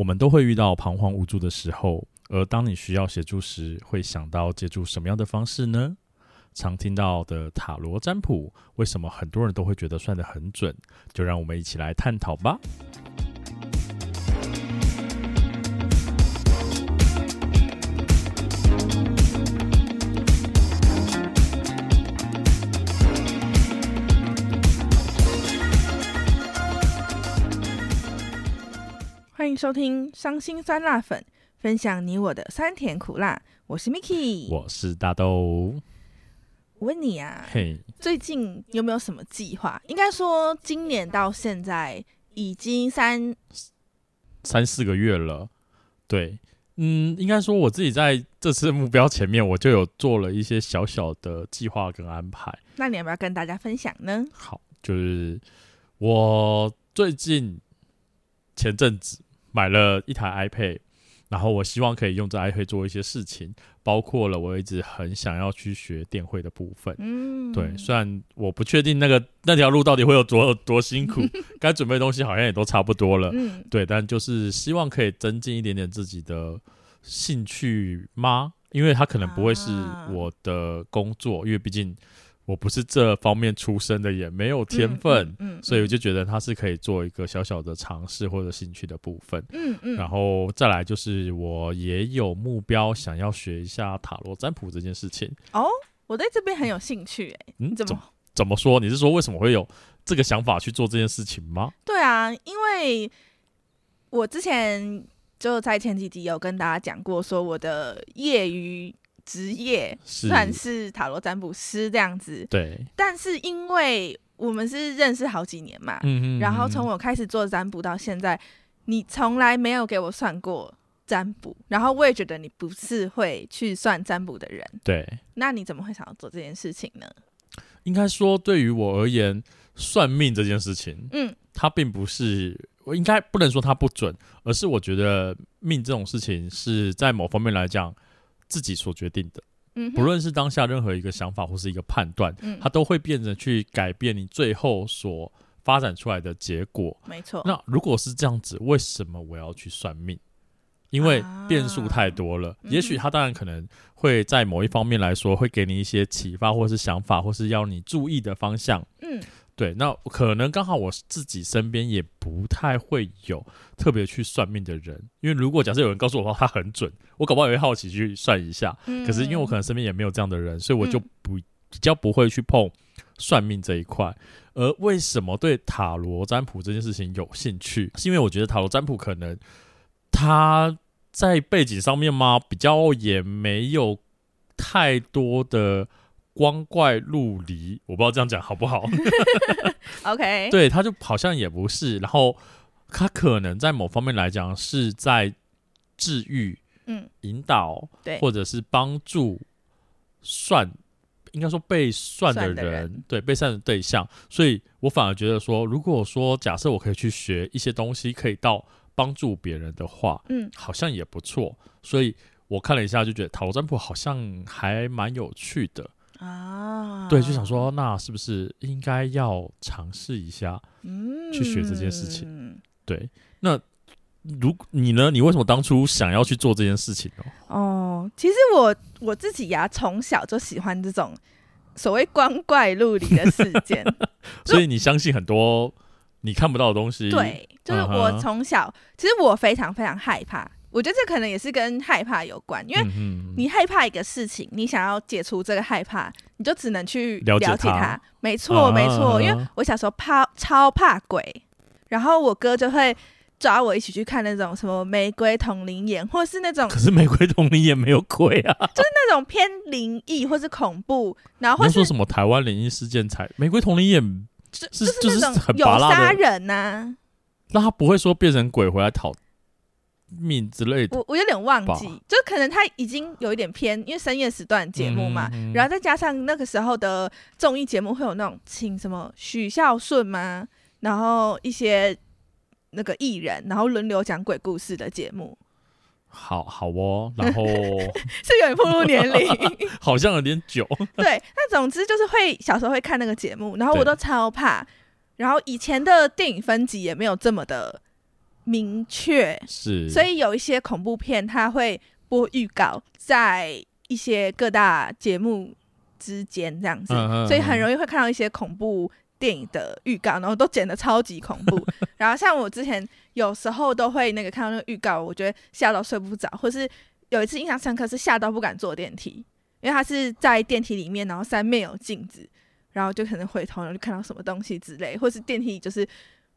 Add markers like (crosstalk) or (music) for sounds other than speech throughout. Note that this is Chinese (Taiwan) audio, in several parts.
我們都會遇到彷徨無助的時候，而當你需要協助時，會想到借助什麼樣的方式呢？常聽到的塔羅占卜，為什麼很多人都會覺得算得很準？就讓我們一起來探討吧。歡迎收聽傷心酸辣粉，分享你我的酸甜苦辣。我是 Miki，我是大豆。我問你啊，嘿，最近有沒有什麼計劃？應該說，今年到現在已經三三四個月了。對，嗯，應該說我自己在這次目標前面，我就有做了一些小小的計劃跟安排。那你要不要跟大家分享呢？好，就是我最近前陣子，買了一台 iPad，然後我希望可以用這 iPad 做一些事情，包括了我一直很想要去學電繪的部分。嗯、對，雖然我不確定那個那條路到底會有多多辛苦，該 (laughs) 準備的東西好像也都差不多了。嗯、對，但就是希望可以增進一點點自己的興趣嗎？因為它可能不會是我的工作，啊、因為畢竟。我不是這方面出身的，也沒有天分，嗯嗯嗯，所以我就覺得他是可以做一個小小的嘗試或者興趣的部分。嗯，嗯。然後再來就是我也有目標，想要學一下塔羅占卜這件事情。哦，我對這邊很有興趣誒，欸。嗯，怎麼怎麼說？你是說為什麼會有這個想法去做這件事情嗎？對啊，因為我之前就在前幾集有跟大家講過，說我的業餘。職業算是塔羅占卜師這樣子，對。但是因為我們是認識好幾年嘛，嗯嗯嗯嗯，然後從我開始做占卜到現在，你從來沒有給我算過占卜，然後我也覺得你不是會去算占卜的人。對。那你怎麼會想要做這件事情呢？應該說，對於我而言，算命這件事情，嗯，它並不是我應該不能說它不準，而是我覺得命這種事情是在某方面來講，自己所決定的，嗯、哼不論是當下任何一個想法或是一個判斷，嗯、它都會變成去改變你最後所發展出來的結果，沒錯錯。那如果是這樣子，為什麼我要去算命？因為變數太多了，啊、也許他當然可能會在某一方面來說，嗯、哼會給你一些啟發，或是想法，或是要你注意的方向，嗯。對，那可能剛好我自己身邊也不太會有特別去算命的人，因為如果假設有人告訴我的話，他很準，我搞不好也會好奇去算一下。嗯、可是因為我可能身邊也沒有這樣的人，所以我就不比較不會去碰算命這一塊。嗯、而為什麼對塔羅占卜這件事情有興趣，是因為我覺得塔羅占卜可能他在背景上面嘛，比較也沒有太多的。光怪陸離，我不知道這樣講好不好 (laughs) okay. (laughs) OK，對他就好像也不是，然後他可能在某方面來講是在治癒，嗯，引導，對，或者是幫助算，應該說被算的人，的人對，被算的對象。所以我反而覺得說，如果說假設我可以去學一些東西，可以到幫助別人的話，嗯，好像也不錯。所以我看了一下，就覺得塔羅占卜好像還蠻有趣的。啊，對，就想說，那是不是應該要嘗試一下，去學這件事情？嗯、對，那如你呢？你為什麼當初想要去做這件事情呢？哦，其實我我自己呀、啊，從小就喜歡這種所謂光怪陸離的事件。 (laughs) 所以你相信很多你看不到的東西。對，就是我從小，啊、哈其實我非常非常害怕。我覺得這可能也是跟害怕有關，因為你害怕一個事情，嗯、哼你想要解除這個害怕，你就只能去了解它。沒錯，沒錯。因為我小時候怕超怕鬼，然後我哥就會抓我一起去看那種什麼玫瑰瞳鈴眼，或是那種。可是玫瑰瞳鈴眼沒有鬼啊，就是那種偏靈異或是恐怖，然後你說什麼台灣靈異事件才玫瑰瞳鈴眼是就，就是那種有殺人吶、啊，那他不會說變成鬼回來討。閩之類的，我我有點忘記，吧就可能他已經有一點偏，因為深夜時段節目嘛，嗯、哼然後再加上那個時候的綜藝節目會有那種請什麼許效舜嘛，然後一些那個藝人，然後輪流講鬼故事的節目，好好哦，然後 (laughs) 是有點暴露年齡， (laughs) 好像有點久，對，那總之就是會小時候會看那個節目，然後我都超怕，對然後以前的電影分級也沒有這麼的。明確是所以有一些恐怖片，它會播預告在一些各大節目之間這樣子，啊、呵呵，所以很容易會看到一些恐怖電影的預告，然後都剪得超級恐怖。 (laughs) 然後像我之前有時候都會那個看到那個預告，我覺得嚇到睡不着，或是有一次印象深刻是嚇到不敢坐電梯，因為他是在電梯裡面，然後三面有鏡子，然後就可能回頭就看到什麼東西之類，或是電梯就是。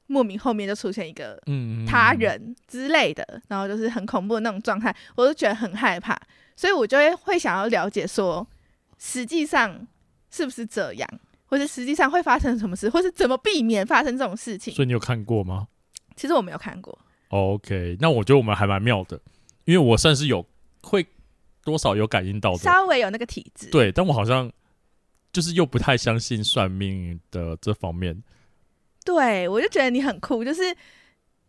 莫名後面就出現一個他人之類的，嗯、然後就是很恐怖的那種狀態，我就覺得很害怕，所以我就會會想要了解說，實際上是不是這樣，或是實際上會發生什麼事，或是怎麼避免發生這種事情。所以你有看過嗎？其實我沒有看過。OK，那我覺得我們還蠻妙的，因為我算是有會多少有感應到的，稍微有那個體質，對，但我好像就是又不太相信算命的這方面。對，我就覺得你很酷，就是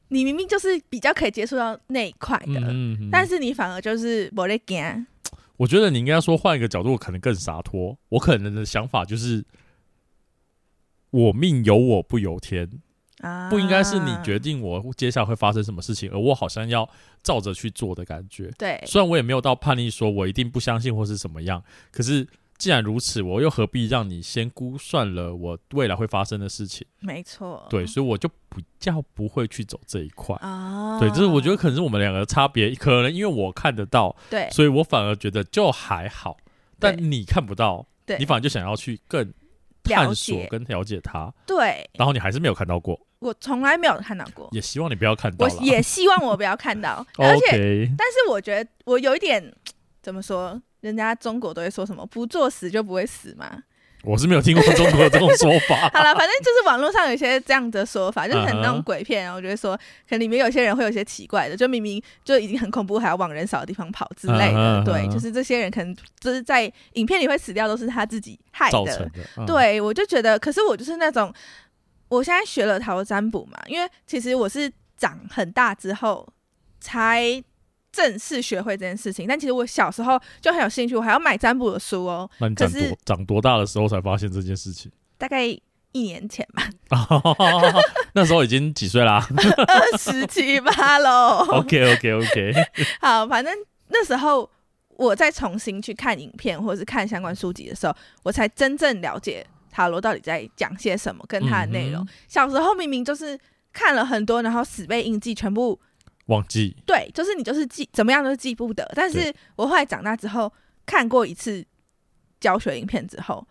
你明明就是比較可以接觸到那一塊的，嗯嗯嗯，但是你反而就是不認真。我覺得你應該說，換一個角度，可能更灑脫。我可能的想法就是，我命由我不由天啊，不應該是你決定我接下來會發生什麼事情，而我好像要照着去做的感覺。對，雖然我也沒有到叛逆，說我一定不相信或是什麼樣，可是。既然如此，我又何必讓你先估算了我未來會發生的事情？沒錯，對，所以我就比較不會去走這一塊。對，就是我覺得可能是我們兩個的差別，可能因為我看得到，對，所以我反而覺得就還好。但你看不到，你反而就想要去更探索跟了解它。對，然後你還是沒有看到過，我從來沒有看到過。也希望你不要看到，我也希望我不要看到。而且，但是我覺得我有一點怎麼說？人家中國都會說什麼“不作死就不會死嗎”嘛，我是沒有聽過中國有這種說法。 (laughs) 好了，反正就是網絡上有些這樣的說法， (laughs) 就是很那種鬼片。然後我就會說，可能裡面有些人會有些奇怪的，就明明就已經很恐怖，還要往人少的地方跑之類的。 (laughs) 對，就是這些人可能就是在影片裡會死掉，都是他自己害的。造成的，嗯、對，我就覺得，可是我就是那種，我現在學了塔羅占卜嘛，因為其實我是長很大之後才。正式學會這件事情，但其實我小時候就很有興趣，我還要買占卜的書哦。那你長多是長多大的時候才發現這件事情？大概一年前吧。那時候已經幾歲啦？ (laughs) (laughs) 二十七八嘍。OK OK OK。好，反正那時候我再重新去看影片，或者是看相關書籍的時候，我才真正了解塔羅到底在講些什麼跟它的內容。嗯嗯、小時候明明就是看了很多，然後死背，硬記全部。忘記對，就是你就是記怎麼樣都記不得，但是我後來長大之後對看過一次教學影片之後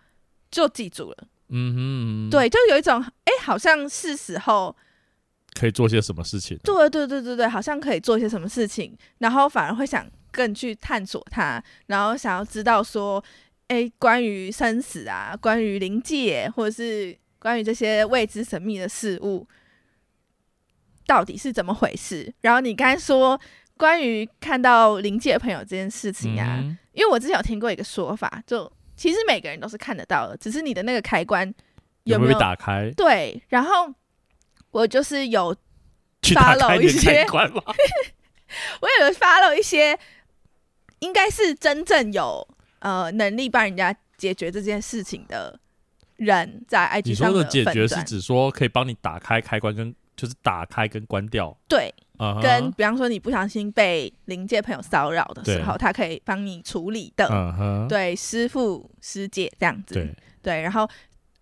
就記住了，嗯，哼嗯，對，就有一種哎、欸，好像是時候可以做些什麼事情，啊，對，對，對，對，對，好像可以做些什麼事情，然後反而會想更去探索它，然後想要知道說，哎、欸，關於生死啊，關於靈界，或者是關於這些未知神秘的事物。到底是怎麼回事？然後你剛才說關於看到靈界的朋友這件事情啊，嗯、因為我之前有聽過一個說法，就其實每個人都是看得到的，只是你的那個開關有沒有，有，沒有打開？對，然後我就是有 follow 一些， (laughs) 我有 follow 一些，應該是真正有呃能力幫人家解決這件事情的人在 IG 的，在 I G 上的。你說的解決是指說可以幫你打開開關跟。就是打開跟關掉，對，uh huh、跟比方說你不小心被靈界朋友騷擾的時候，對他可以幫你處理的，uh huh、對，師父師姐這樣子，對，對，然後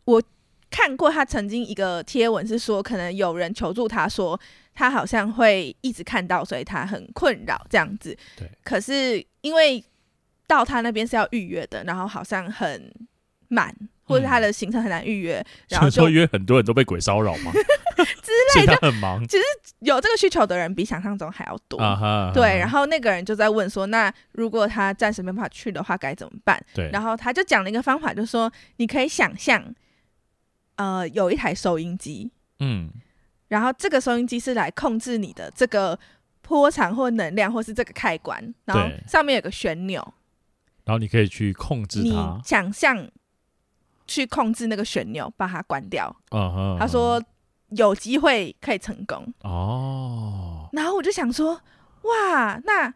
我看過他曾經一個貼文是說，可能有人求助他說，他好像會一直看到，所以他很困擾這樣子。對可是因為到他那邊是要預約的，然後好像很滿。或是他的行程很難預約，然後會約很多人都被鬼騷擾嗎？ (laughs) 之類的就很忙，其實有這個需求的人比想象中還要多、uh-huh, 對，然後那個人就在問說：“那如果他暫時沒辦法去的話該怎麼辦？”對，然後他就講了一個方法，就是說：“你可以想象，呃，有一台收音機，嗯，然後這個收音機是來控制你的這個波長或能量或是這個開關，然後上面有個旋鈕，然後你可以去控制它，你想象。”去控制那個旋鈕，把它關掉。Uh huh. 他說有機會可以成功。哦、uh huh. 然後我就想說，哇，那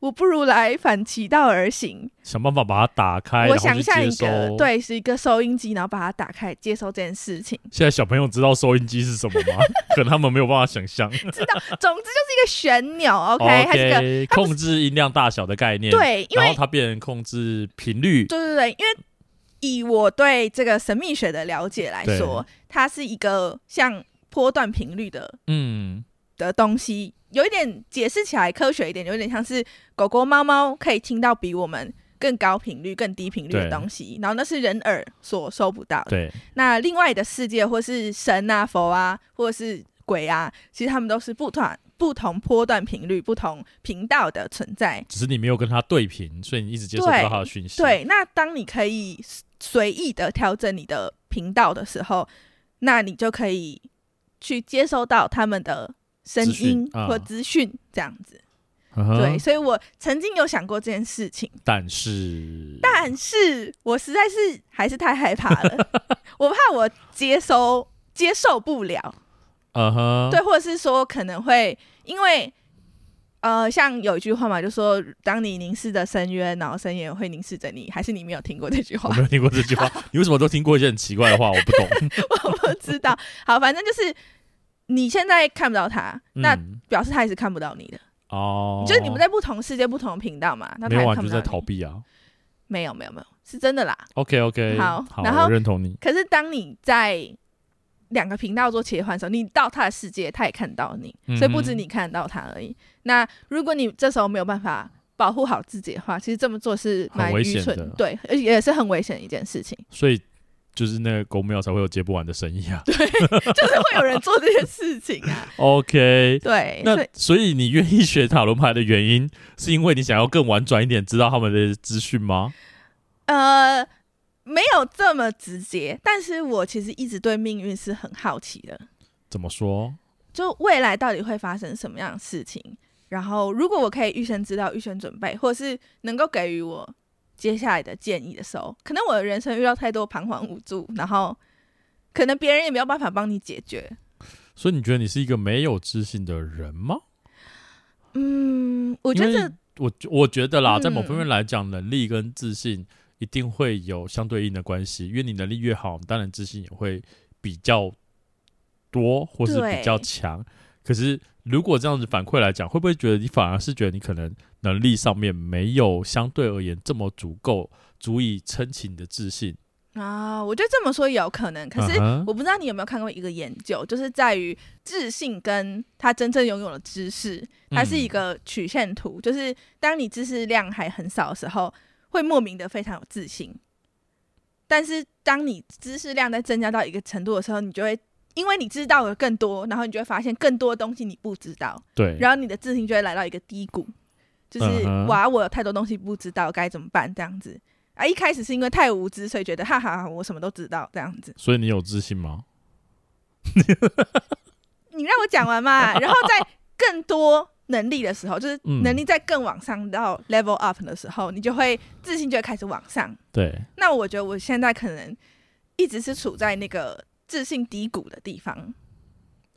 我不如來反其道而行，想辦法把它打開，我想象一個，然後去接收，對，是一個收音機，然後把它打開接收這件事情。現在小朋友知道收音機是什麼嗎？ (laughs) 可能他們沒有辦法想象。 (laughs) 知道，總之就是一個旋鈕 (laughs) ，OK，還是一個控制音量大小的概念。對，因為然後它變成控制頻率。對，對對對，因為。以我對這個神秘學的了解來說，對它是一個像波段頻率的，嗯，的東西，有一點解釋起來科學一點，有點像是狗狗、貓貓可以聽到比我們更高頻率、更低頻率的東西，對然後那是人耳所收不到的。對，那另外的世界，或是神啊、佛啊，或是鬼啊，其實他們都是不同不同波段頻率、不同頻道的存在。只是你沒有跟他對頻，所以你一直接受不到他的訊息，對。對，那當你可以。隨意的調整你的頻道的時候，那你就可以去接收到他們的聲音或資訊，這樣子。啊、對，所以我曾經有想過這件事情，但是，但是我實在是還是太害怕了， (laughs) 我怕我接收接受不了。啊、呵對，或者是說可能會因為。呃，像有一句話嘛，就說當你凝視着深淵，然後深淵也會凝視着你，還是你沒有聽過這句話？我沒有聽過這句話， (laughs) 你為什麼都聽過一些很奇怪的話？我不懂， (laughs) 我不知道。好，反正就是你現在看不到他，嗯、那表示他也是看不到你的哦，嗯、就是你們在不同世界、嗯、不同的頻道嘛。那他看不到完就在逃避啊？沒有，沒有，沒有，是真的啦。OK，OK，okay, okay, 然後，好，好，然後，我認同你。可是當你在。兩個頻道做切換的時候，你到他的世界，他也看到你，所以不止你看得到他而已。嗯、哼那如果你這時候沒有辦法保護好自己的話，其實這麼做是蠻愚蠢的，對，而且也是很危險的一件事情。所以就是那個公廟才會有接不完的生意啊，對，就是會有人做這些事情啊。 (laughs) (laughs) OK，對，那所以，所以你願意學塔羅牌的原因，是因為你想要更婉轉一點，知道他們的資訊嗎？呃。沒有這麼直接，但是我其實一直對命運是很好奇的。怎麼說？就未來到底會發生什麼樣的事情？然後，如果我可以預先知道，預先準備，或者是能夠給予我接下來的建議的時候，可能我的人生遇到太多彷徨無助，嗯、然後可能別人也沒有辦法幫你解決。所以，你覺得你是一個沒有自信的人嗎？嗯，我覺得我我覺得啦，嗯、在某方面來講，能力跟自信，一定會有相對應的關係，因為你能力越好，當然自信也會比較多，或是比較強。對可是如果這樣子反饋來講，會不會覺得你反而是覺得你可能能力上面沒有相對而言這麼足夠，足以撐起你的自信啊？我覺得這麼說也有可能，可是我不知道你有沒有看過一個研究，uh huh、就是在於自信跟他真正擁有的知識，它是一個曲線圖，嗯、就是當你知識量還很少的時候。會莫名的非常有自信，但是當你知識量在增加到一個程度的時候，你就會因為你知道的更多，然後你就會發現更多的東西你不知道，對，然後你的自信就會來到一個低谷，就是、uh huh. 哇，我有太多東西不知道該怎麼辦，這樣子。啊，一開始是因為太無知，所以覺得哈哈，我什麼都知道這樣子。所以你有自信嗎？ (laughs) 你讓我講完嘛，然後再更多。能力的時候，就是能力在更往上到 level up 的時候，嗯、你就會自信就會開始往上。對。那我覺得我現在可能一直是處在那個自信低谷的地方。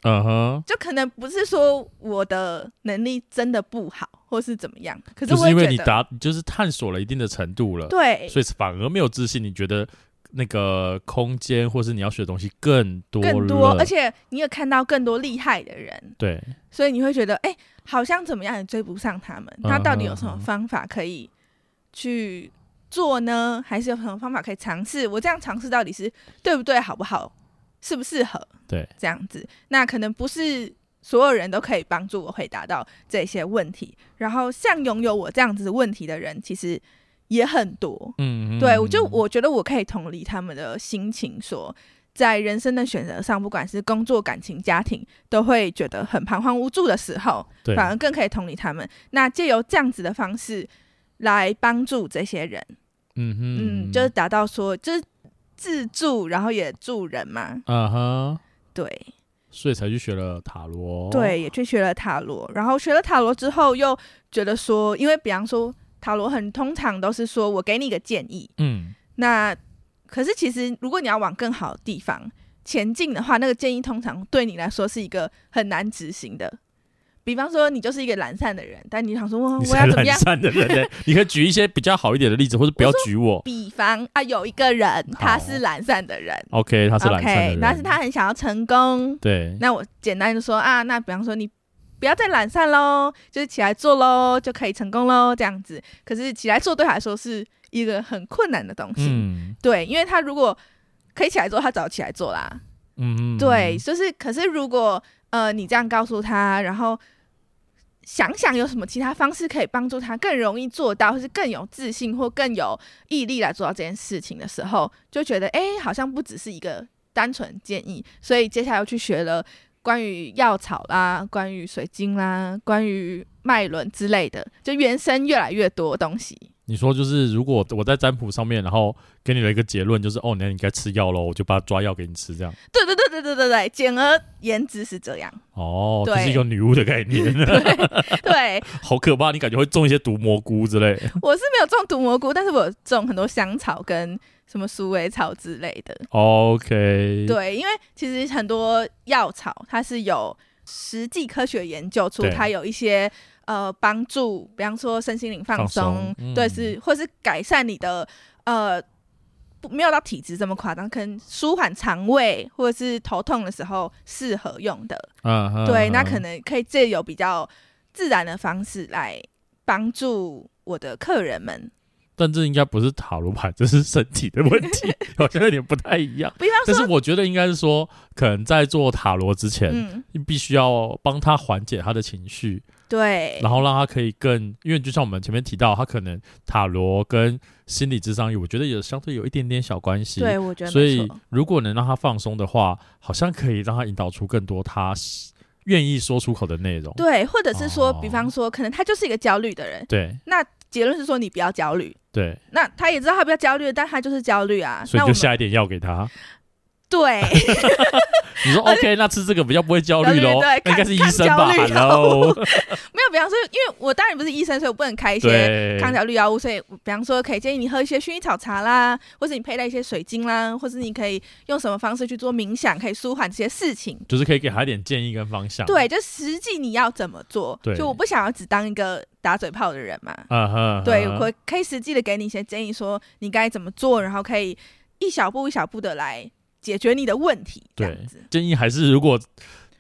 嗯哼、uh-huh、就可能不是說我的能力真的不好，或是怎麼樣。可是，是因為你達，你就是探索了一定的程度了。對。所以反而沒有自信，你覺得？那個空間，或是你要學的東西更多，更多，而且你也看到更多厲害的人，對，所以你會覺得，哎、欸，好像怎麼樣也追不上他們。那、嗯、哼到底有什麼方法可以去做呢？還是有什麼方法可以嘗試？我這樣嘗試到底是對不對？好不好？適不適合？對，這樣子，那可能不是所有人都可以幫助我回答到這些問題。然後，像擁有我這樣子問題的人，其實。也很多，嗯，嗯，嗯，對，我就我覺得我可以同理他們的心情說，說在人生的選擇上，不管是工作、感情、家庭，都會覺得很彷徨無助的時候，對，反而更可以同理他們。那借由這樣子的方式來幫助這些人，嗯，哼嗯，嗯就是達到說就是自助，然後也助人嘛。嗯、uh，huh, 對，所以才去學了塔羅，對，也去學了塔羅。然後學了塔羅之後，又覺得說，因為比方說。塔羅很通常都是說，我給你一個建議。嗯，那可是其實如果你要往更好的地方前進的話，那個建議通常對你來說是一個很難執行的。比方說，你就是一個懶散的人，但你想說，我我要怎麼樣？散的人、欸， (laughs) 你可以舉一些比較好一點的例子，或者不要我說舉我。比方啊，有一個人他是懶散的人，OK，他是懶散的人，但、okay, 是他很想要成功。對，那我簡單的說啊，那比方說你。不要再懶散嘍，就是起來做嘍，就可以成功嘍，這樣子。可是起來做對他來說是一個很困難的東西，嗯、對，因為他如果可以起來做，他早起來做啦。嗯，嗯，嗯，嗯，對，就是可是如果呃你這樣告訴他，然後想想有什麼其他方式可以幫助他更容易做到，或是更有自信或更有毅力來做到這件事情的時候，就覺得哎、欸，好像不只是一個單純建議，所以接下來又去學了。關於藥草啦，關於水晶啦，關於脈輪之類的，就原生越來越多東西。你說就是，如果我在占卜上面，然後給你了一個結論就是，哦，那你應該吃藥咯。我就把它抓藥給你吃，這樣。對對對對對對對，簡而言之是這樣。哦，對這是一個女巫的概念。 (laughs) 對，對好可怕，你感覺會種一些毒蘑菇之類。我是沒有種毒蘑菇，但是我種很多香草跟什麼鼠尾草之類的。OK。對，因為其實很多藥草它是有實際科學研究出它有一些。呃，幫助，比方說身心靈放鬆，放鬆、嗯、對，是或是改善你的呃，不，沒有到體質這麼誇張，可能舒緩腸胃或者是頭痛的時候適合用的，啊啊、對，啊啊、那可能可以借由比較自然的方式來幫助我的客人們。但這應該不是塔羅牌，這是身體的問題， (laughs) 好像有點不太一樣。但是我覺得應該是說，可能在做塔羅之前，你、嗯、必須要幫他緩解他的情緒，對，然後讓他可以更，因為就像我們前面提到，他可能塔羅跟心理諮商，我覺得有相對有一點點小關係，對，我覺得。所以如果能讓他放鬆的話，好像可以讓他引導出更多他願意說出口的內容。對，或者是說，哦、比方說，可能他就是一個焦慮的人，對，那。結論是說你不要焦慮，對。那他也知道他不要焦慮，但他就是焦慮啊，所以就下一點藥給他。對， (laughs) 你說 OK，是那吃這個比較不會焦慮嘍？對，對，對，應該是醫生吧？ (laughs) 沒有，比方說，因為我當然不是醫生，所以我不能開一些抗焦慮藥物。所以，比方說，可以建議你喝一些薰衣草茶啦，或者你佩戴一些水晶啦，或者你可以用什麼方式去做冥想，可以舒緩這些事情。就是可以給他一點建議跟方向。對，就實際你要怎麼做？對就我不想要只當一個打嘴炮的人嘛。Uh huh huh. 對，我可以實際的給你一些建議，說你該怎麼做，然後可以一小步一小步的來。解決你的問題。對，建議還是，如果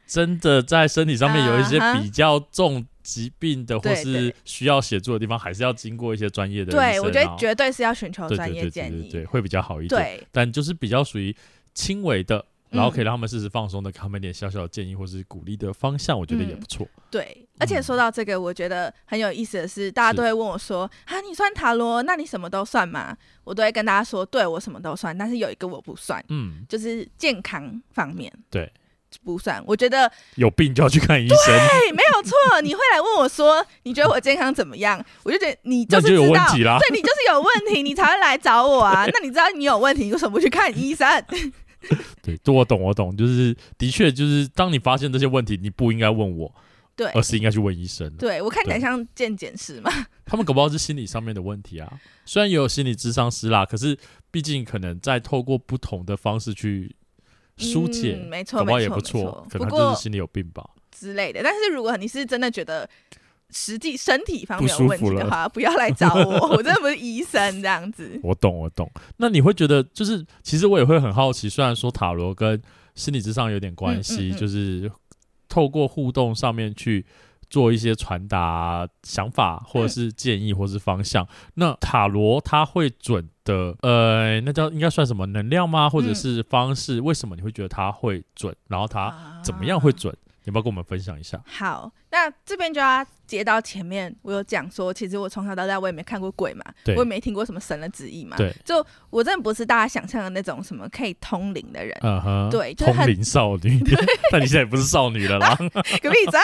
真的在身體上面有一些比較重疾病的呃、或是需要協助的地方，還是要經過一些專業的醫生。對後我覺得絕對是要尋求專業建議，對對對對對對，會比較好一點。對但就是比較屬於輕微的，然後可以讓他們適時放鬆的，給他們一點小小的建議或是鼓勵的方向，我覺得也不錯。嗯，對，而且說到這個，我覺得很有意思的是，大家都會問我說：“是啊，你算塔羅，那你什麼都算嗎？”我都會跟大家說：“對，我什麼都算，但是有一個我不算，嗯，就是健康方面，對，不算。我覺得有病就要去看醫生，對，沒有錯。你會來問我說： (laughs) 你覺得我健康怎麼樣？我就覺得你就是知道那就有問題啦。對，你就是有問題， (laughs) 你才會來找我啊。對那你知道你有問題，你為什麼不去看醫生？” (laughs) (laughs) 對，多我懂，我懂，就是的確，就是當你發現這些問題，你不應該問我，對，而是應該去問醫生。對，我看起來像健檢師嘛？他們搞不好是心理上面的問題啊。 (laughs) 雖然也有心理諮商師啦，可是畢竟可能在透過不同的方式去疏解，嗯、沒錯，搞不好也不錯。不過可能就是心理有病吧之類的。但是如果你是真的覺得。實際身體方面有問題的話，不，不要來找我， (laughs) 我真的不是醫生這樣子。我懂，我懂。那你會覺得，就是其實我也會很好奇，雖然說塔羅跟心理諮商有點關係，嗯嗯嗯、就是透過互動上面去做一些傳達想法，或者是建議，嗯、或者是方向。那塔羅它會準的，呃，那叫應該算什麼能量嗎？或者是方式？嗯、為什麼你會覺得它會準？然後它怎麼樣會準？啊你沒有跟我們分享一下？好，那這邊就要、啊、接到前面，我有講說，其實我從小到大我也沒看過鬼嘛，對我也沒聽過什麼神的旨意嘛，對，就我真的不是大家想象的那種什麼可以通靈的人，嗯哼、uh，huh, 對，就是、很通靈少女，對但你現在也不是少女了啦，隔壁仔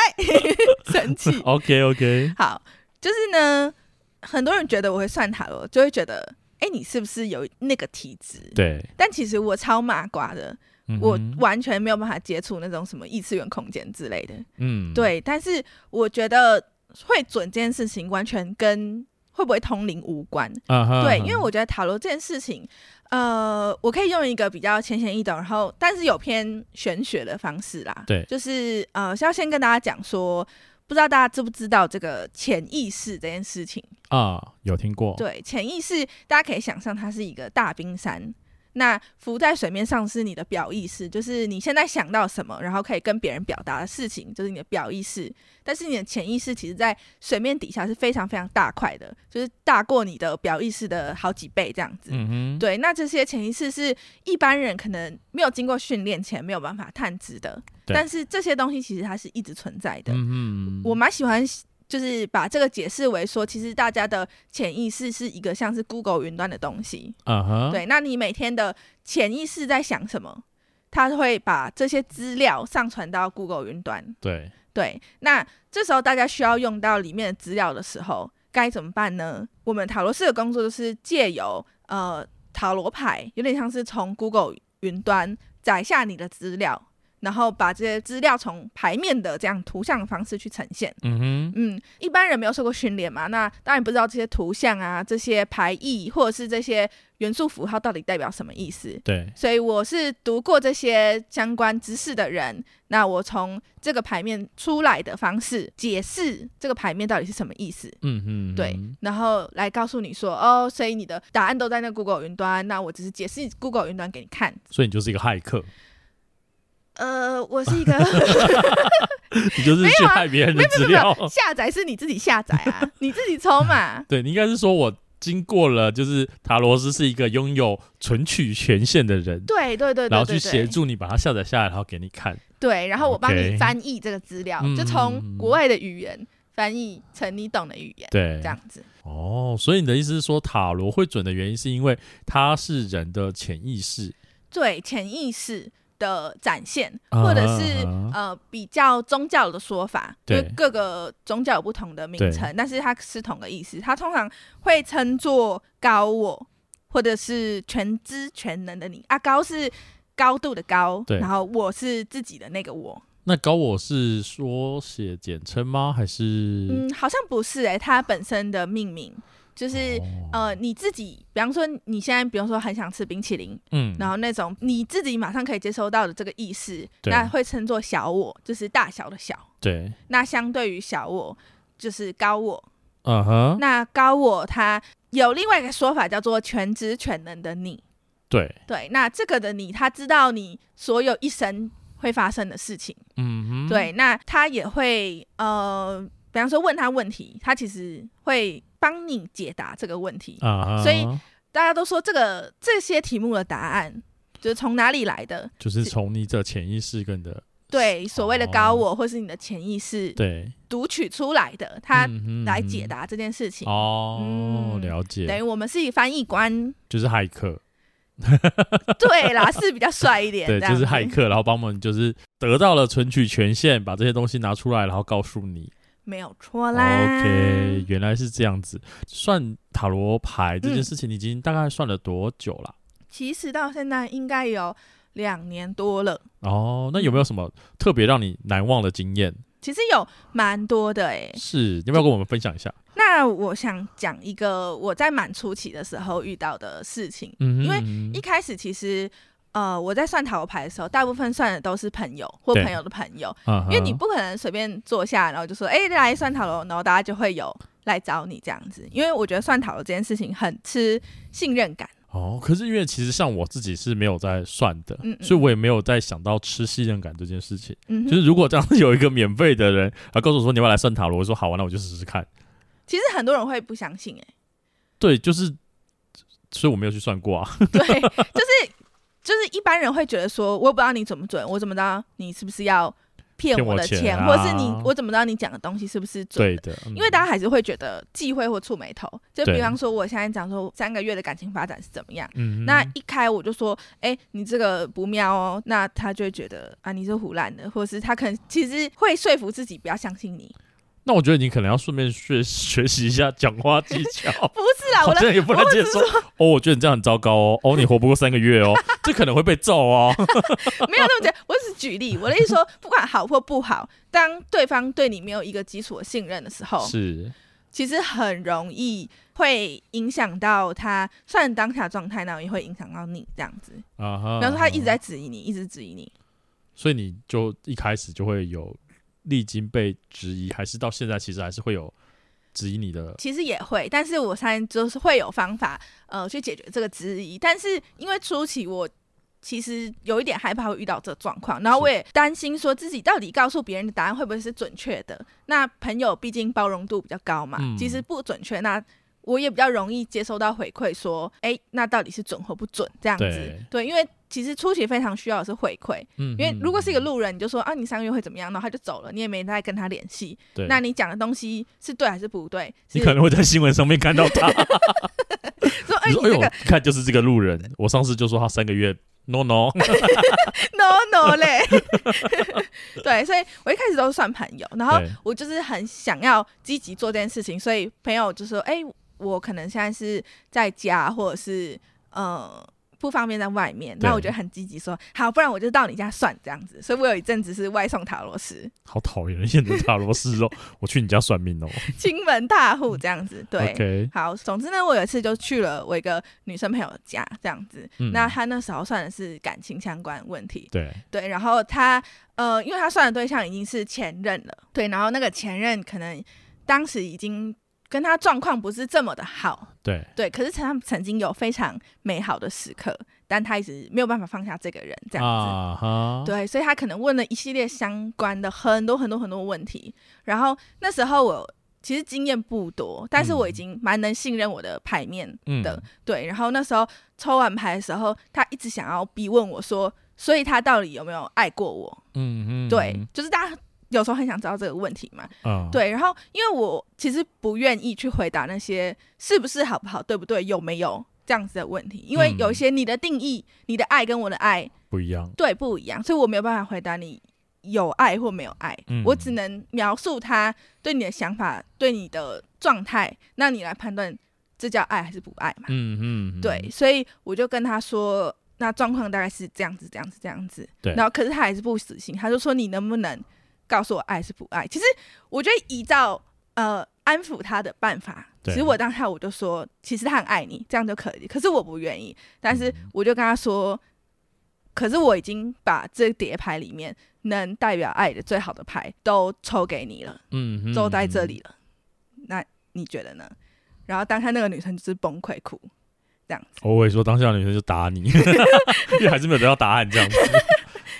神氣奇，OK OK，好，就是呢，很多人覺得我會算塔羅，就會覺得，哎、欸，你是不是有那個體質？對，但其實我超麻瓜的。我完全沒有辦法接觸那種什麼異次元空間之類的。嗯，對，但是我覺得會準這件事情完全跟會不會通靈無關。啊呵呵，對，因為我覺得塔羅這件事情，呃，我可以用一個比較淺顯易懂，然後但是有偏玄學的方式啦。對，就是呃，要先跟大家講說，不知道大家知不知道這個潛意識這件事情啊，有聽過？對，潛意識大家可以想象它是一個大冰山。那浮在水面上是你的表意識，就是你現在想到什麼，然後可以跟別人表達的事情，就是你的表意識。但是你的潛意識其實在水面底下是非常非常大塊的，就是大過你的表意識的好幾倍這樣子。嗯、哼對，那這些潛意識是一般人可能沒有經過訓練前沒有辦法探知的，對但是這些東西其實它是一直存在的。嗯嗯我蠻喜歡。就是把這個解釋為說，其實大家的潛意識是一個像是 Google 雲端的東西。Uh huh. 對，那你每天的潛意識在想什麼？他會把這些資料上傳到 Google 雲端。對。對，那這時候大家需要用到裡面的資料的時候，該怎麼辦呢？我們塔羅師的工作就是借由呃塔羅牌，有點像是從 Google 雲端載下你的資料。然後把這些資料從牌面的這樣圖像的方式去呈現。嗯哼，嗯，一般人沒有受過訓練嘛，那當然不知道這些圖像啊、這些牌意或者是這些元素符號到底代表什麼意思。對，所以我是讀過這些相關知識的人，那我從這個牌面出來的方式解釋這個牌面到底是什麼意思。嗯哼，嗯哼，對，然後來告訴你說，哦，所以你的答案都在那 Google 雲端，那我只是解釋 Google 雲端給你看。所以你就是一個駭客。呃，我是一個， (laughs) (laughs) 你就是去害別人的資料，沒有啊，沒有沒有沒有，下載是你自己下載啊， (laughs) 你自己抽嘛。對，你應該是說，我經過了，就是塔羅斯是一個擁有存取權限的人，對對對，對對對，然後去協助你把它下載下來，然後給你看。對，然後我幫你翻譯這個資料，okay 嗯、就從國外的語言翻譯成你懂的語言，對，這樣子。哦，所以你的意思是說，塔羅會準的原因是因為它是人的潛意識。對，潛意識。的展現，或者是啊哈啊哈呃比較宗教的說法，對就各個宗教有不同的名稱，對但是它是同個意思。它通常會稱作高我，或者是全知全能的你啊。高是高度的高，對然後我是自己的那個我。那高我是縮寫簡稱嗎？還是嗯，好像不是誒、欸。它本身的命名。就是、oh. 呃，你自己，比方說你現在，比方說很想吃冰淇淋，嗯，然後那種你自己馬上可以接收到的這個意識，對。那會稱作小我，就是大小的小。對。那相對於小我，就是高我。嗯哼、uh-huh。那高我，他有另外一個說法叫做全知全能的你。對。對，那這個的你，他知道你所有一生會發生的事情。嗯、mm-hmm. 對，那他也會呃。比方說，問他問題，他其實會幫你解答這個問題啊。所以大家都說，這個這些題目的答案就是從哪裡來的？就是從你這潛意識跟你的對所謂的高我，或是你的潛意識對讀取出來的，他來解答這件事情哦。了解，等於我們是以翻譯官，就是駭客，對啦，是比較帥一點，對，就是駭客，然後幫我們就是得到了存取權限，把這些東西拿出來，然後告訴你。沒有錯啦。O.K. 原來是這樣子，算塔羅牌這件事情，你已經大概算了多久了、嗯？其實到現在應該有兩年多了。哦，那有沒有什麼特別讓你難忘的經驗？嗯、其實有蠻多的哎、欸，是，要不要跟我們分享一下？那我想講一個我在蠻初期的時候遇到的事情，嗯哼嗯哼，因為一開始其實。呃，我在算塔羅牌的時候，大部分算的都是朋友或朋友的朋友，嗯、因為你不可能隨便坐下，然後就說：“哎、欸，來算塔羅。”然後大家就會有來找你這樣子。因為我覺得算塔羅這件事情很吃信任感。哦，可是因為其實像我自己是沒有在算的，嗯嗯，所以我也沒有在想到吃信任感這件事情。嗯哼，就是如果這樣有一個免費的人啊，告訴我說：“你要來算塔羅。”我說：“好玩、啊，那我就試試看。”其實很多人會不相信哎、欸。對，就是，所以我沒有去算過啊。對，就是。 (laughs) 就是一般人會覺得說，我也不知道你準不準，我怎麼知道你是不是要騙我的錢，錢啊、或者是你，我怎麼知道你講的東西是不是準的。對的，嗯、因為大家還是會覺得忌諱或觸霉頭。就比方說，我現在講說三個月的感情發展是怎麼樣，對那一開我就說，哎、欸，你這個不妙哦，那他就會覺得啊，你是唬爛的，或者是他可能其實會說服自己不要相信你。那我覺得你可能要順便學學習一下講話技巧。 (laughs) 不是啊，我這樣也不能接受。哦說，我覺得你這樣很糟糕哦。 (laughs) 哦，你活不過三個月哦， (laughs) 這可能會被揍哦。 (laughs) (laughs) 沒有那麼簡單，我只是舉例。我的意思說，不管好或不好，當對方對你沒有一個基礎的信任的時候，是，其實很容易會影響到他，算當下狀態呢，也會影響到你這樣子。比方說，他一直在質疑你，啊、哈一直質疑你。所以你就一開始就會有。歷經被質疑，還是到現在，其實還是會有質疑你的。其實也會，但是我相信就是會有方法，呃，去解決這個質疑。但是因為初期，我其實有一點害怕會遇到這個狀況，然後我也擔心說自己到底告訴別人的答案會不會是準確的。是那朋友畢竟包容度比較高嘛，嗯、其實不準確，那我也比較容易接收到回饋，說，哎、欸，那到底是準或不準這樣子？對,對，因為。其實初學，非常需要的是回饋，因為如果是一個路人，你就說啊，你三個月會怎麼樣，然後他就走了，你也沒再跟他聯繫。對那你講的東西是對還是不對？你可能會在新聞上面看到他。 (laughs) 說、欸、你說，哎呦，這個，看就是這個路人，我上次就說他三個月 no no (laughs) (laughs) no no 嘞勒。 (laughs) 對，所以我一開始都是算朋友，然後我就是很想要積極做這件事情，所以朋友就說，哎、欸，我可能現在是在家或者是嗯。呃不方便在外面，那我覺得很積極，說好，不然我就到你家算這樣子。所以我有一陣子是外送塔羅斯，好討厭的電子塔羅斯哦， (laughs) 我去你家算命哦，金門大戶這樣子，嗯、對，Okay. 好，總之呢，我有一次就去了我一個女生朋友家這樣子，嗯、那她那時候算的是感情相關問題，對對，然後她呃，因為她算的對象已經是前任了，對，然後那個前任可能當時已經。跟他狀況不是這麼的好，對對，可是他曾經有非常美好的時刻，但他一直沒有辦法放下這個人，這樣子，uh huh. 對，所以他可能問了一系列相關的很多很多很多問題。然後那時候我其實經驗不多，但是我已經蠻能信任我的牌面的，嗯、對。然後那時候抽完牌的時候，他一直想要逼問我說，所以他到底有沒有愛過我？嗯，嗯嗯，對，就是大家。有時候很想知道這個問題嘛，嗯、哦，對，然後因為我其實不願意去回答那些是不是、好不好、對不對、有沒有這樣子的問題，嗯、因為有些你的定義、你的愛跟我的愛不一樣，對，不一樣，所以我沒有辦法回答你有愛或沒有愛，嗯、我只能描述他對你的想法、對你的狀態，那你來判斷這叫愛還是不愛嘛，嗯嗯，嗯嗯，對，所以我就跟他說，那狀況大概是這樣子、這樣子、這樣子，對，然後可是他還是不死心，他就說，你能不能？告訴我愛是不愛，其實我覺得依照呃安撫他的辦法，對其實我當下我就說，其實他很愛你，這樣就可以。可是我不願意，但是我就跟他說，嗯、可是我已經把這疊牌裡面能代表愛的最好的牌都抽給你了，嗯哼，都在這裡了。嗯、哼那你覺得呢？然後當下那個女生就是崩潰哭，這樣子。我跟你說，當下女生就打你， (laughs) 因為還是沒有得到答案，這樣子。 (laughs)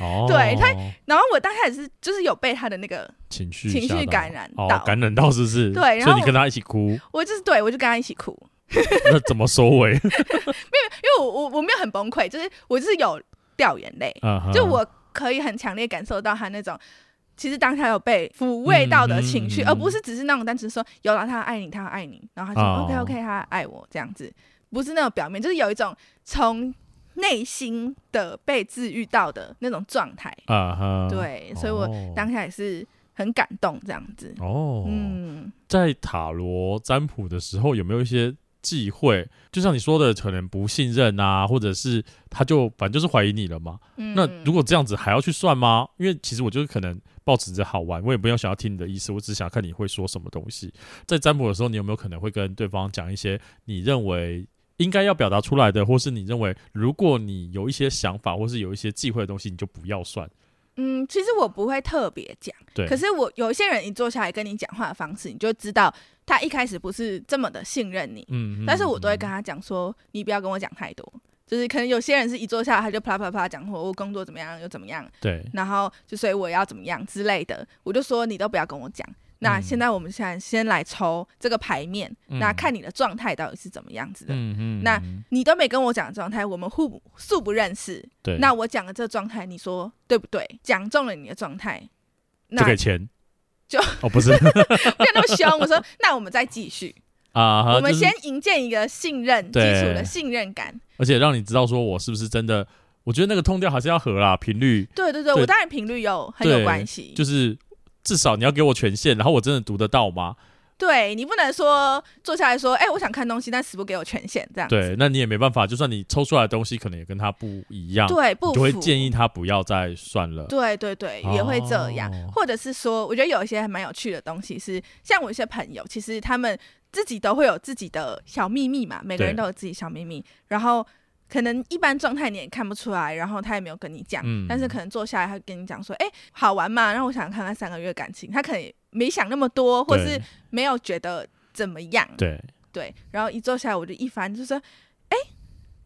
哦、對他，然後我當下也是，就是有被他的那個情緒情緒感染到、哦，感染到是不是？對，然後所以你跟他一起哭，我就是對我就跟他一起哭。 (laughs) (laughs) 那怎麼收尾、欸？因 (laughs) 為因為我我我沒有很崩潰，就是我就是有掉眼淚，啊、哈就我可以很強烈感受到他那種其實當下有被撫慰到的情緒，嗯嗯嗯、而不是只是那種單純說有了他愛你，他愛你，然後他就說、啊哦、OK OK，他愛我這樣子，不是那種表面，就是有一種從。內心的被治癒到的那種狀態啊哈，uh huh. 對，所以我當下也是很感動這樣子哦，oh. Oh. 嗯，在塔羅占卜的時候有沒有一些忌諱？就像你說的，可能不信任啊，或者是他就反正就是懷疑你了嘛。嗯、那如果這樣子還要去算嗎？因為其實我就是可能抱持着好玩，我也不要想要聽你的意思，我只想看你會說什麼東西。在占卜的時候，你有沒有可能會跟對方講一些你認為？應該要表達出來的，或是你認為，如果你有一些想法，或是有一些忌諱的東西，你就不要算。嗯，其實我不會特別講。對。可是我有一些人，一坐下來跟你講話的方式，你就知道他一開始不是這麼的信任你。嗯。嗯，但是，我都會跟他講說，嗯、你不要跟我講太多。就是可能有些人是一坐下來，他就啪啪啪講，我工作怎麼樣，又怎麼樣。對。然後就所以我要怎麼樣之類的，我就說你都不要跟我講。那現在我們現在先來抽這個牌面，那看你的狀態到底是怎麼樣子的。嗯嗯。那你都沒跟我講狀態，我們互素不認識。對。那我講的這狀態，你說對不對？講中了你的狀態，那就給錢。就哦不是，別那麼兇。我說，那我們再繼續啊。我們先營建一個信任基礎的信任感，而且讓你知道說我是不是真的。我覺得那個通調還是要合啦，頻率。對對對，我當然頻率有很有關係。就是。至少你要給我權限，然後我真的讀得到嗎？對，你不能說坐下來說，哎、欸，我想看東西，但死不給我權限，這樣子。對，那你也沒辦法。就算你抽出來的東西，可能也跟他不一樣，對，不你就會建議他不要再算了。對對對，也會這樣，哦、或者是說，我覺得有一些還蠻有趣的東西是，像我一些朋友，其實他們自己都會有自己的小秘密嘛，每個人都有自己小秘密，對然後。可能一般狀態你也看不出來，然後他也沒有跟你講，嗯、但是可能坐下來他跟你講說，哎、欸，好玩嘛，然後我想看看三個月的感情，他可能也沒想那麼多，或是沒有覺得怎麼樣。對，對然後一坐下來我就一翻就說，哎、欸，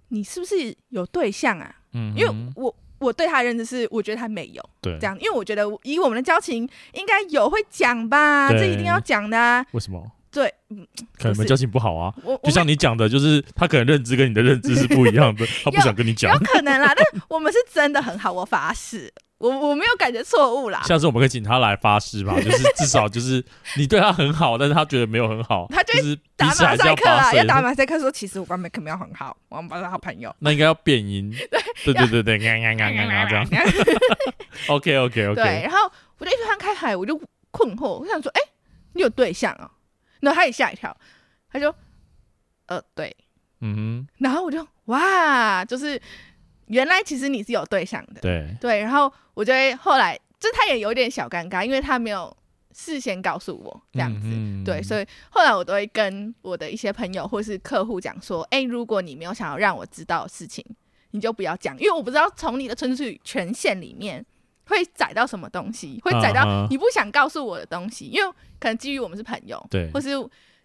你是不是有對象啊？嗯、哼因為我我對他的認知是，我覺得他沒有。對，這樣，因為我覺得以我們的交情，應該有會講吧，對這一定要講的、啊。為什麼？對，嗯，可能交情不好啊。就像你講的，就是他可能認知跟你的認知是不一樣的，他不想跟你講，有可能啦。但是我們是真的很好，我發誓，我我沒有感覺錯誤啦。下次我們可以請他來發誓吧，就是至少就是你對他很好，但是他覺得沒有很好。他就是打馬賽克啦，要打馬賽克說其實我們可沒有很好，我們不是好朋友。那應該要變音，對對對對，這樣。OK OK OK。對，然後我就一直看開海，我就困惑，我想說，哎，你有對象啊？那他也嚇一跳，他就，呃，對，嗯哼，然後我就哇，就是原來其實你是有對象的，對對，然後我就會後來，就他也有點小尷尬，因為他沒有事先告訴我這樣子，嗯哼，對，所以後來我都會跟我的一些朋友或是客戶講說，哎，如果你沒有想要讓我知道的事情，你就不要講，因為我不知道從你的存取權限裡面。會載到什麼東西？會載到你不想告訴我的東西，啊啊因為可能基於我們是朋友，對，或是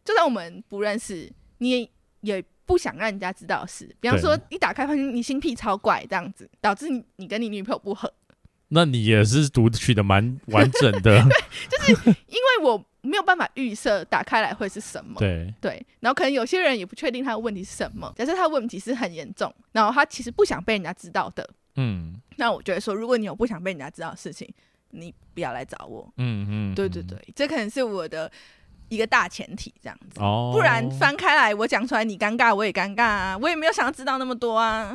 就算我們不認識，你也，也不想讓人家知道事。是對，比方說一打開，發現你心癖超怪，這樣子導致你你跟你女朋友不合，那你也是讀取的蠻完整的。 (laughs) 對，就是因為我沒有辦法預設打開來會是什麼，對，對然後可能有些人也不確定他的問題是什麼，假設，他的問題是很嚴重，然後他其實不想被人家知道的。嗯，那我覺得說，如果你有不想被人家知道的事情，你不要來找我。嗯嗯，嗯對對對，嗯、這可能是我的一個大前提這樣子。哦，不然翻開來我講出來，你尷尬，我也尷尬啊。我也沒有想要知道那麼多啊。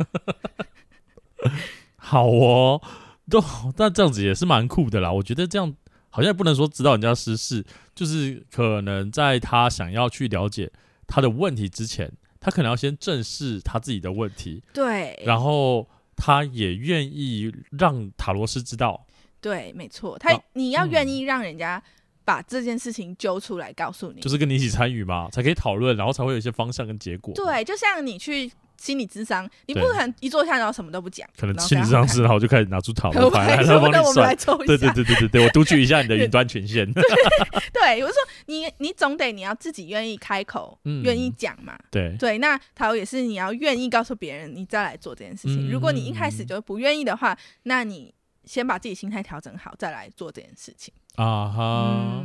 (laughs) 好哦，都那這樣子也是蠻酷的啦。我覺得這樣好像也不能說知道人家私事，就是可能在他想要去了解他的問題之前，他可能要先正視他自己的問題。對，然後。他也願意讓塔羅斯知道，對，沒錯，他你要願意讓人家把這件事情揪出來告訴你。嗯，就是跟你一起參與嘛，才可以討論，然後才會有一些方向跟結果。對，就像你去。心理諮商，你不可能一坐下然後什麼都不講。可能心理諮商是，然後就開始拿出塔羅牌來，我們來對對對對對對，我讀取一下你的雲端權限。對，我說你，你總得你要自己願意開口，願意講嘛。對對，那塔羅也是你要願意告訴別人，你再來做這件事情。如果你一開始就不願意的話，那你先把自己心態調整好，再來做這件事情。啊哈，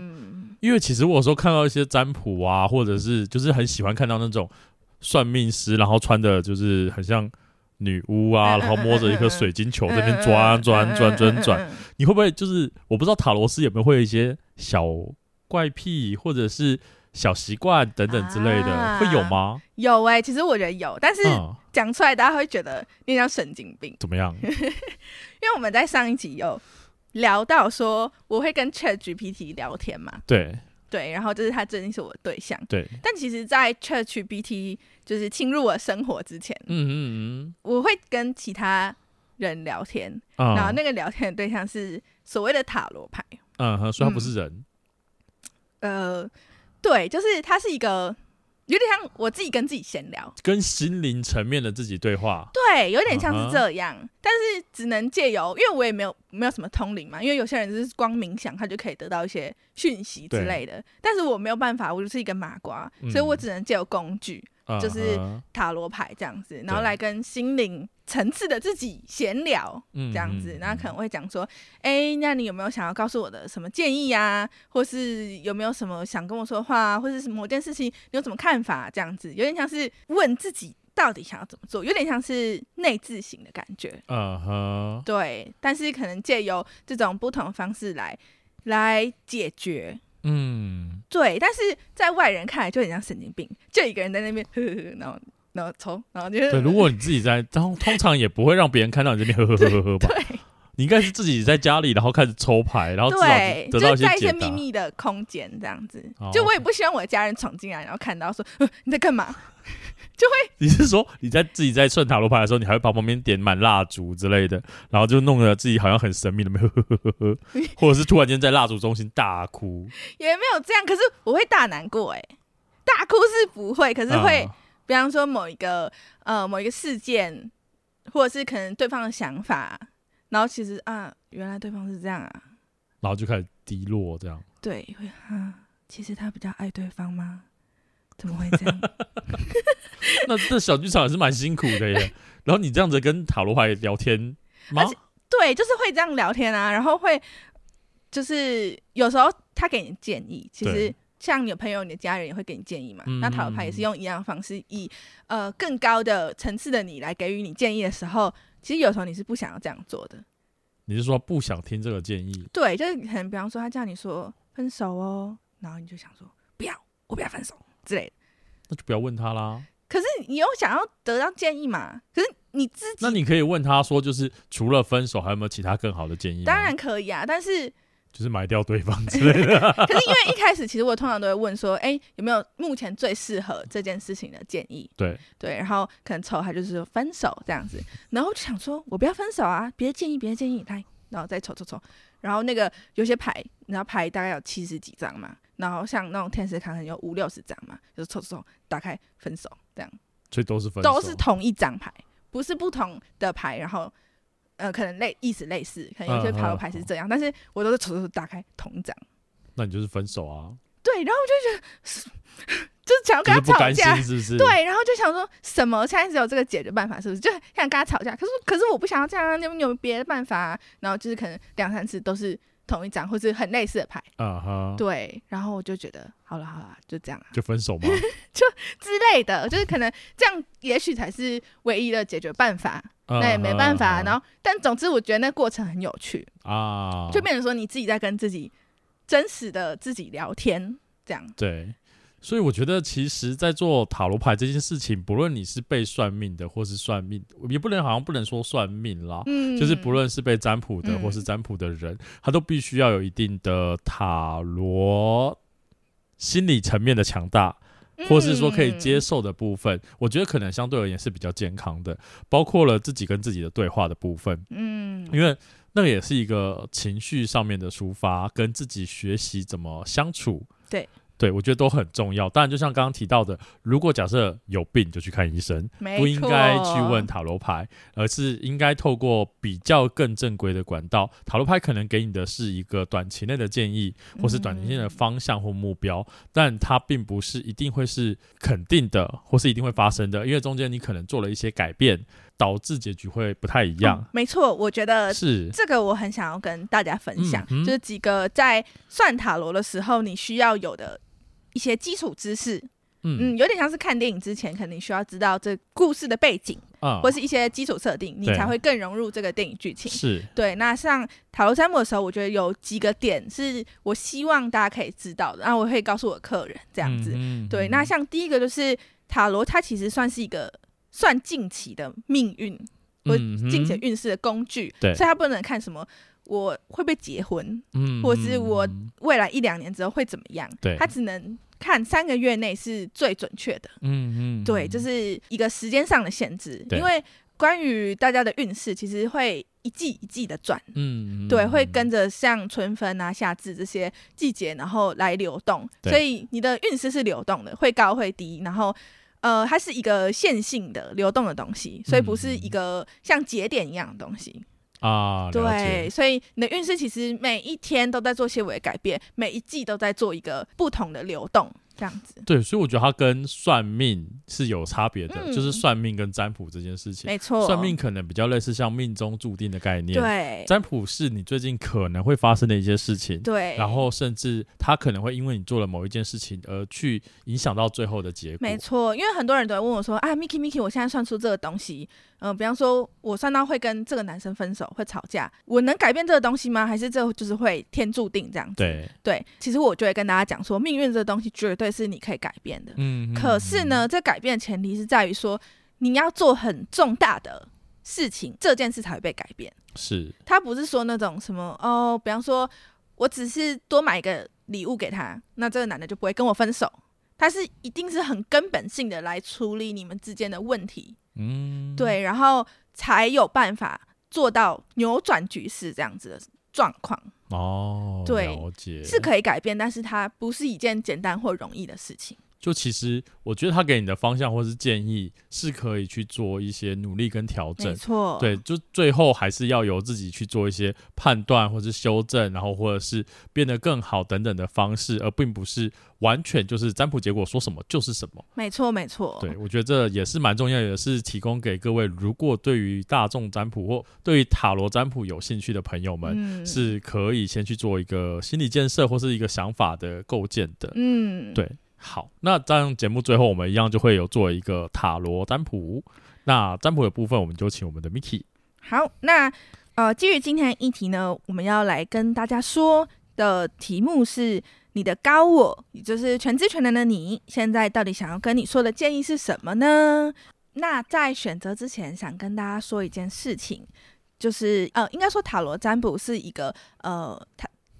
因為其實我說看到一些占卜啊，或者是就是很喜歡看到那種。算命師，然後穿的就是很像女巫啊，然後摸着一顆水晶球，這邊轉轉轉轉轉，你會不會就是，我不知道塔羅斯有沒有會有一些小怪癖或者是小習慣等等之類的，啊、會有嗎？有哎、欸，其實我覺得有，但是講出來大家會覺得你像神經病。嗯、怎麼樣？ (laughs) 因為我們在上一集有聊到說我會跟 Chat GPT 聊天嘛？對。對，然後就是他最近是我的對象。對，但其實，在 Church BT 就是侵入我生活之前，嗯嗯嗯，我會跟其他人聊天，嗯、然後那個聊天的對象是所謂的塔羅牌，嗯哼，雖然不是人、嗯，呃，對，就是他是一個。有點像我自己跟自己閒聊，跟心靈層面的自己對話。對，有點像是這樣，嗯、哼但是只能借由，因為我也沒有沒有什麼通靈嘛，因為有些人就是光冥想，他就可以得到一些訊息之類的，對但是我沒有辦法，我就是一個麻瓜，所以我只能借由工具。嗯。Uh huh. 就是塔羅牌這樣子，然後來跟心靈層次的自己閒聊，這樣子，對然後可能會講說，哎、嗯嗯嗯欸，那你有沒有想要告訴我的什麼建議呀、啊？或是有沒有什麼想跟我說話、啊，或是某件事情你有什麼看法？這樣子，有點像是問自己到底想要怎麼做，有點像是內置型的感覺。嗯哼、uh，huh. 對，但是可能借由這種不同的方式來來解決。Uh huh. 嗯。對，但是在外人看來就很像神經病，就一個人在那邊，然後然後抽，然後就。對，如果你自己在，通 (laughs) 通常也不會讓別人看到你這邊呵呵呵呵呵吧。對對你應該是自己在家裡，然後開始抽牌，對然後對，就帶一些在一秘密的空間這樣子。Oh, okay. 就我也不希望我的家人闖進來，然後看到說你在幹嘛， (laughs) 就會。你是說你在自己在算塔羅牌的時候，你還會把旁邊點滿蠟燭之類的，然後就弄得自己好像很神秘的，沒有？ (laughs) 或者是突然間在蠟燭中心大哭？ (laughs) 也沒有這樣，可是我會大難過哎、欸，大哭是不會，可是會，啊、比方說某一個呃某一個事件，或者是可能對方的想法。然後其實啊，原來對方是這樣啊，然後就開始低落這樣。對，會啊，其實他比較愛對方嗎？怎麼會這樣？ (laughs) (laughs) 那這小劇場也是蠻辛苦的耶。 (laughs) 然後你這樣子跟塔羅牌聊天嗎？對，就是會這樣聊天啊。然後會就是有時候他給你建議，其實像你的朋友、你的家人也會給你建議嘛。對那塔羅牌也是用一樣的方式以，以、嗯嗯、呃更高的層次的你來給予你建議的時候。其實有時候你是不想要這樣做的，你是說不想聽這個建議？對，就是可能，比方說他叫你說分手哦，然後你就想說不要，我不要分手之類的，那就不要問他啦。可是你又想要得到建議嘛？可是你自己，那你可以問他說，就是除了分手，還有沒有其他更好的建議？當然可以啊，但是。就是買掉對方之類的， (laughs) 可是因為一開始其實我通常都會問說，誒、 (laughs) 欸，有沒有目前最適合這件事情的建議？對對，然後可能抽他就是分手這樣子，嗯、然後我就想說，我不要分手啊，別建議別建議，來，然後再抽抽抽，然後那個有些牌，然後牌大概有七十幾張嘛，然後像那種天使卡可能有五六十張嘛，就抽抽抽，打開分手這樣，所以都是分手，都是同一張牌，不是不同的牌，然後。呃，可能類意思類似，可能有些塔羅牌是這樣，啊、呵但是我都是抽抽打開同一張。那你就是分手啊？對，然後我就覺得就是想要跟他吵架，是不是？對，然後就想說什麼現在只有這個解決辦法，是不是？就想跟他吵架，可是可是我不想要這樣、啊，你有沒有別的辦法、啊、然後就是可能兩三次都是同一張，或是很類似的牌。啊哈呵。對，然後我就覺得好了好了，就這樣、啊、就分手嘛。 (laughs) 就之類的，就是可能這樣，也許才是唯一的解決辦法。 (laughs) 那也、嗯、沒辦法，嗯嗯、然後但總之，我覺得那個過程很有趣啊，就變成說你自己在跟自己真實的自己聊天，這樣對。所以我覺得，其實，在做塔羅牌這件事情，不論你是被算命的，或是算命，也不能好像不能說算命啦，嗯、就是不論是被占卜的，或是占卜的人，嗯、他都必須要有一定的塔羅心理層面的強大。或是說可以接受的部分，嗯，我覺得可能相對而言是比較健康的，包括了自己跟自己的對話的部分。嗯，因為那個也是一個情緒上面的抒發，跟自己學習怎麼相處。對。對，我覺得都很重要。當然，就像剛剛提到的，如果假設有病就去看醫生，沒錯。不應該去問塔羅牌，而是應該透過比較更正規的管道。塔羅牌可能給你的是一個短期內的建議，或是短期內的方向或目標，嗯、但它並不是一定會是肯定的，或是一定會發生的。因為中間你可能做了一些改變，導致結局會不太一樣。嗯、沒錯，我覺得是這個，我很想要跟大家分享，是嗯嗯、就是幾個在算塔羅的時候你需要有的。一些基礎知識，嗯，嗯有點像是看電影之前肯定需要知道這故事的背景啊，哦、或是一些基礎設定，對你才會更融入這個電影劇情。是，對。那像塔羅占卜的時候，我覺得有幾個點是我希望大家可以知道的，然後我會告訴我客人這樣子。嗯嗯嗯對。那像第一個就是塔羅，它其實算是一個算近期的命運或近期運勢的工具，嗯嗯對，所以它不能看什麼？我會不會結婚？嗯，或是我未來一兩年之後會怎麼樣？對，嗯嗯，他只能看三個月內是最準確的。嗯嗯，對，就是一個時間上的限制。對因為關於大家的運勢，其實會一季一季的轉。嗯嗯，對，會跟着像春分啊、夏至這些季節，然後來流動。對所以你的運勢是流動的，會高會低。然後，呃，它是一個線性的流動的東西，所以不是一個像節點一樣的東西。嗯嗯啊，對，所以你的運勢其實每一天都在做些微改變，每一季都在做一個不同的流動。這樣子對，所以我覺得它跟算命是有差別的，嗯、就是算命跟占卜這件事情，沒錯，算命可能比較類似像命中注定的概念，對，占卜是你最近可能會發生的一些事情，對，然後甚至它可能會因為你做了某一件事情而去影響到最後的結果，沒錯，因為很多人都會問我說啊，Miki Miki，我現在算出這個東西，嗯、呃，比方說我算到會跟這個男生分手，會吵架，我能改變這個東西嗎？還是這就是會天注定這樣子？對對，其實我就會跟大家講說，命運這個東西絕對。是你可以改變的，嗯哼哼。可是呢，這改變的前提是在於說，你要做很重大的事情，這件事才會被改變。是，他不是說那種什麼哦，比方說我只是多買一個禮物給他，那這個男的就不會跟我分手。他是一定是很根本性的來處理你們之間的問題，嗯，對，然後才有辦法做到扭轉局勢這樣子的狀況。哦，對，是可以改變，但是它不是一件簡單或容易的事情。就其實，我覺得他給你的方向或是建議是可以去做一些努力跟調整，沒錯錯，對，就最後還是要由自己去做一些判斷或是修正，然後或者是變得更好等等的方式，而並不是完全就是占卜結果說什麼就是什麼。沒錯，沒錯，對，我覺得這也是蠻重要的，也是提供給各位，如果對於大眾占卜或對於塔羅占卜有興趣的朋友們，嗯、是可以先去做一個心理建設或是一個想法的構建的。嗯，對。好，那這樣節目最後，我們一樣就會有做一個塔羅占卜。那占卜的部分，我們就請我們的 Miki。好，那呃，基於今天的議題呢，我們要來跟大家說的題目是你的高我，也就是全知全能的你，現在到底想要跟你說的建議是什麼呢？那在選擇之前，想跟大家說一件事情，就是呃，應該說塔羅占卜是一個呃，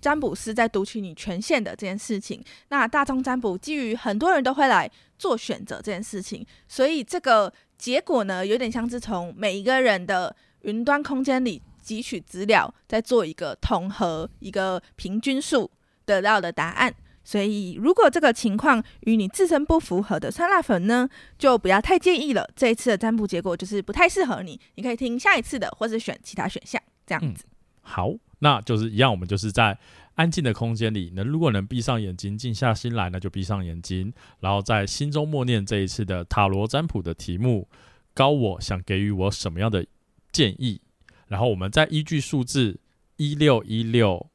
占卜師在讀取你權限的這件事情，那大眾占卜基於很多人都會來做選擇這件事情，所以這個結果呢，有點像是從每一個人的雲端空間裡汲取資料，再做一個統合一個平均數得到的答案。所以如果這個情況與你自身不符合的酸辣粉呢，就不要太介意了。這一次的占卜結果就是不太適合你，你可以聽下一次的，或是選其他選項這樣子。嗯、好。那就是一樣，我們就是在安靜的空間裡。那如果能閉上眼睛，靜下心來，那就閉上眼睛，然後在心中默念這一次的塔羅占卜的題目，高我想給予我什麼樣的建議？然後我們再依據數字一六一六、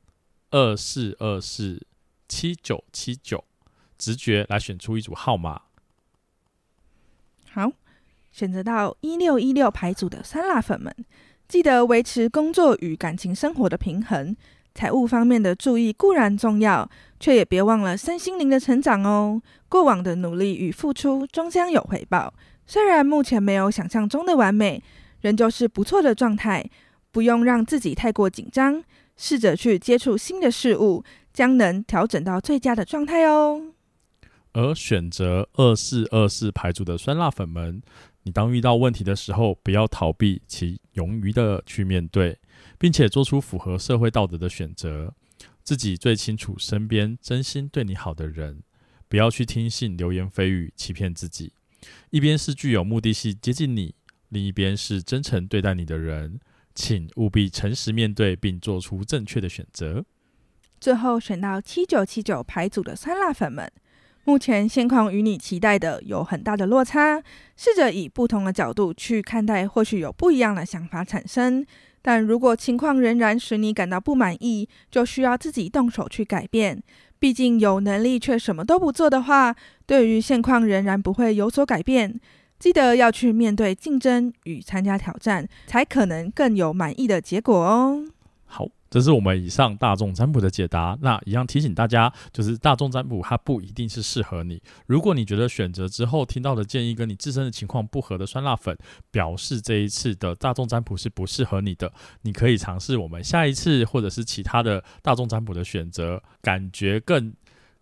二四二四、七九七九，直覺來選出一組號碼。好，選擇到一六一六牌組的酸辣粉們。記得維持工作與感情生活的平衡，財務方面的注意固然重要，卻也別忘了身心靈的成長哦。過往的努力與付出終將有回報，雖然目前沒有想象中的完美，仍舊是不錯的狀態。不用讓自己太過緊張，試着去接觸新的事物，將能調整到最佳的狀態哦。而選擇二四二四牌組的酸辣粉們，你當遇到問題的時候，不要逃避，請勇於的去面對，並且做出符合社會道德的選擇。自己最清楚身邊真心對你好的人，不要去聽信流言蜚語欺騙自己。一邊是具有目的性接近你，另一邊是真誠對待你的人，請務必誠實面對，並做出正確的選擇。最後選到七九七九牌組的酸辣粉們。目前現況與你期待的有很大的落差，試着以不同的角度去看待，或許有不一樣的想法產生。但如果情況仍然使你感到不滿意，就需要自己動手去改變。畢竟有能力卻什麼都不做的話，對於現況仍然不會有所改變。記得要去面對競爭與參加挑戰，才可能更有滿意的結果哦。好。這是我們以上大眾占卜的解答。那一樣提醒大家，就是大眾占卜它不一定是適合你。如果你覺得選擇之後聽到的建議跟你自身的情況不合的酸辣粉，表示這一次的大眾占卜是不適合你的。你可以嘗試我們下一次或者是其他的大眾占卜的選擇，感覺更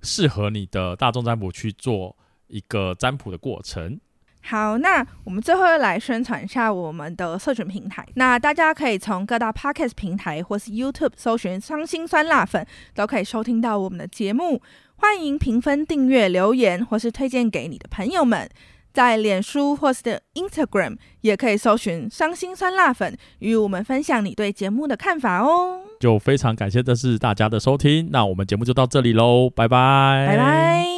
適合你的大眾占卜去做一個占卜的過程。好，那我們最後來宣傳一下我們的社群平台。那大家可以從各大 Podcast 平台或是 YouTube 搜尋“傷心酸辣粉”，都可以收聽到我們的節目。歡迎評分、訂閱、留言或是推薦給你的朋友們。在臉書或是 Instagram 也可以搜尋“傷心酸辣粉”，與我們分享你對節目的看法哦。就非常感謝這次大家的收聽，那我們節目就到這裡嘍，拜拜，拜拜。